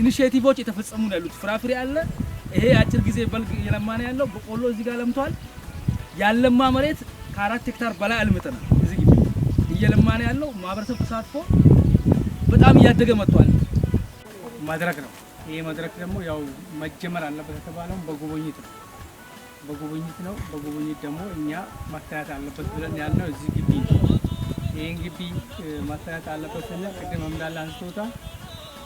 ኢኒሼቲቮች የተፈጸሙ ነው ያሉት። ፍራፍሬ አለ። ይሄ አጭር ጊዜ በልግ እየለማ ነው ያለው። በቆሎ እዚህ ጋር ለምቷል። ያለማ መሬት ከአራት ሄክታር በላይ አልምተናል። እዚህ ግቢ እየለማ ነው ያለው። ማህበረሰብ ተሳትፎ በጣም እያደገ መጥቷል። መድረክ ነው ይሄ መድረክ ደግሞ ያው መጀመር አለበት የተባለው በጉብኝት ነው በጉብኝት ነው። በጉብኝት ደግሞ እኛ ማታየት አለበት ብለን ያልነው እዚህ ግቢ ይህን ግቢ ማታየት አለበት ስንል ቅድም እንዳለ አንስቶታ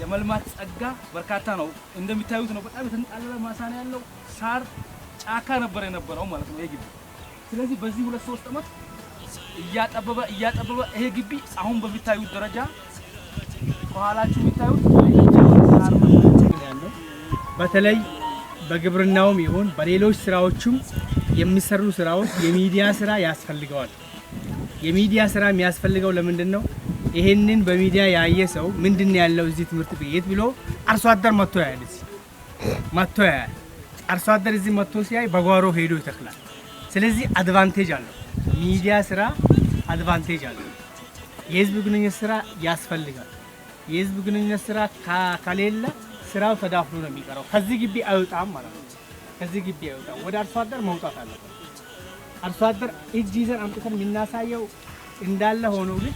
የመልማት ጸጋ በርካታ ነው። እንደሚታዩት ነው። በጣም የተንጣለለ ማሳ ነው ያለው። ሳር ጫካ ነበር የነበረው ማለት ነው ይሄ ግቢ። ስለዚህ በዚህ ሁለት ሶስት ዓመት እያጠበበ እያጠበበ ይሄ ግቢ አሁን በሚታዩት ደረጃ ከኋላችሁ የሚታዩት በተለይ በግብርናውም ይሁን በሌሎች ስራዎችም የሚሰሩ ስራዎች የሚዲያ ስራ ያስፈልገዋል። የሚዲያ ስራ የሚያስፈልገው ለምንድን ነው? ይሄንን በሚዲያ ያየ ሰው ምንድን ያለው እዚህ ትምህርት ቤት ብሎ አርሶ አደር መጥቶ ያያል። እዚህ መጥቶ ያያል። አርሶ አደር እዚህ መጥቶ ሲያይ በጓሮ ሄዶ ይተክላል። ስለዚህ አድቫንቴጅ አለው። ሚዲያ ስራ አድቫንቴጅ አለው። የህዝብ ግንኙነት ስራ ያስፈልጋል። የህዝብ ግንኙነት ስራ ከሌለ ስራው ተዳፍኖ ነው የሚቀረው። ከዚህ ግቢ አይወጣም ማለት ነው። ከዚህ ግቢ አይወጣም። ወደ አርሶ አደር መውጣት አለበት። አርሶ አደር እጅ ይዘን አምጥተን የምናሳየው እንዳለ ሆኖ ግን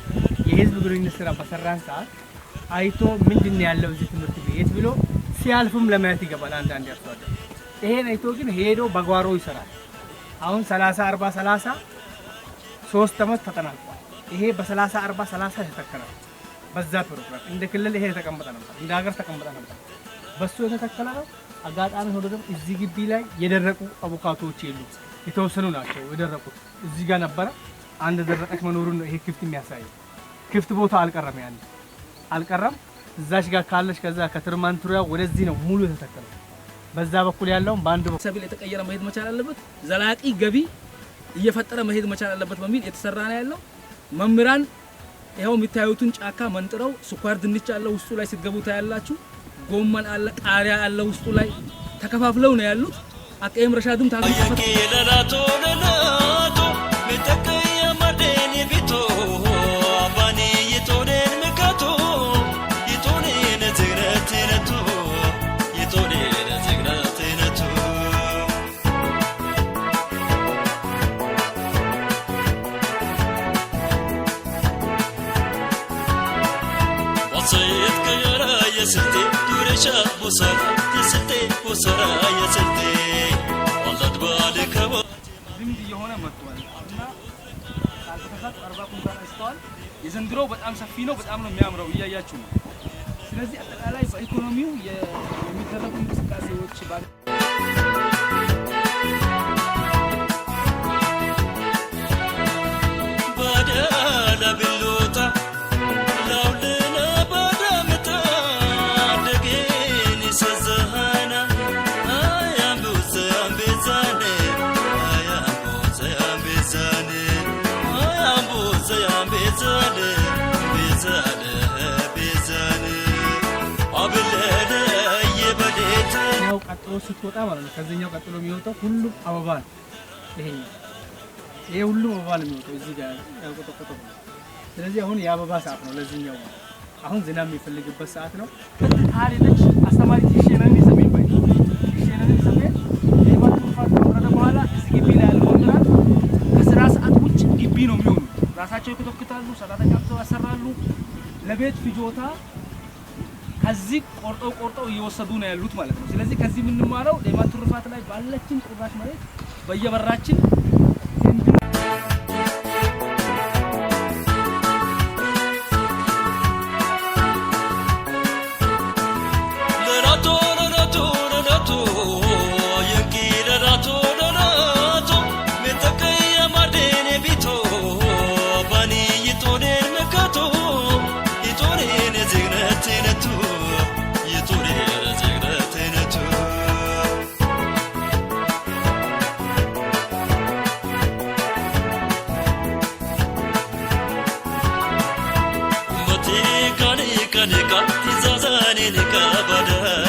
የህዝብ ግንኙነት ስራ በሰራን ሰዓት አይቶ ምንድን ያለው እዚህ ትምህርት ቤት ብሎ ሲያልፍም ለማየት ይገባል። አንዳንድ አርሶ አደር ይሄን አይቶ ግን ሄዶ በጓሮ ይሰራል። አሁን 30 40 30 ሶስት ዓመት ተጠናቋል። ይሄ በ30 40 30 የተተከለው በዛ ፕሮግራም እንደ ክልል ይሄ የተቀመጠ ነበር፣ እንደ ሀገር ተቀመጠ ነበር። በሱ የተተከለ ነው። አጋጣሚ ሆኖ ደግሞ እዚህ ግቢ ላይ የደረቁ አቮካቶዎች የሉ፣ የተወሰኑ ናቸው የደረቁት። እዚህ ጋር ነበረ አንድ ደረቀች መኖሩን ነው ይሄ ክፍት የሚያሳየው። ክፍት ቦታ አልቀረም ያለ አልቀረም። እዛሽ ጋር ካለሽ ከዛ ከትርማንቱሪያ ወደዚህ ነው ሙሉ የተተከለው። በዛ በኩል ያለውም በአንድ ሰብል የተቀየረ መሄድ መቻል አለበት። ዘላቂ ገቢ እየፈጠረ መሄድ መቻል አለበት በሚል የተሰራ ነው ያለው። መምህራን ይኸው የምታዩትን ጫካ መንጥረው ስኳር ድንች አለ ውስጡ ላይ ስትገቡ ታያላችሁ። ጎመን አለ፣ ቃሪያ አለ ውስጡ ላይ ተከፋፍለው ነው ያሉት። አቀየም ረሻድም ታገኝበት عيشة بصرة የስልጤ ቦሰራ የስልጤ ወላድ ባለ ከባ ልምድ እየሆነ መጥቷል እና ካልተሳሳት አርባ ኩንታል አንስተዋል። የዘንድሮ በጣም ሰፊ ነው። በጣም ነው የሚያምረው፣ እያያችሁ ነው። ስለዚህ አጠቃላይ በኢኮኖሚው የሚደረጉ እንቅስቃሴዎች ባለ ጥሎ ስትወጣ ማለት ነው። ከዚህኛው ቀጥሎ የሚወጣው ሁሉም አበባ ነው። ይሄኛው ይሄ ሁሉም አበባ ነው የሚወጣው እዚህ ጋር ያቆጠቆጠ። ስለዚህ አሁን የአበባ ሰዓት ነው ለዚህኛው አሁን ዝናብ የሚፈልግበት ሰዓት ነው። አሌለች አስተማሪ ቲሽነን የሰሜን ባይ ቲሽነን የሰሜን ግቢ ውጭ ግቢ ነው የሚሆኑ ራሳቸው ይኮተኩታሉ፣ ሰራተኛ ያሰራሉ ለቤት ፍጆታ ከዚህ ቆርጠው ቆርጠው እየወሰዱ ነው ያሉት ማለት ነው። ስለዚህ ከዚህ የምንማረው ሌማት ትሩፋት ላይ ባለችን ቁራሽ መሬት በየበራችን Tune Ne ka ti ne ni ka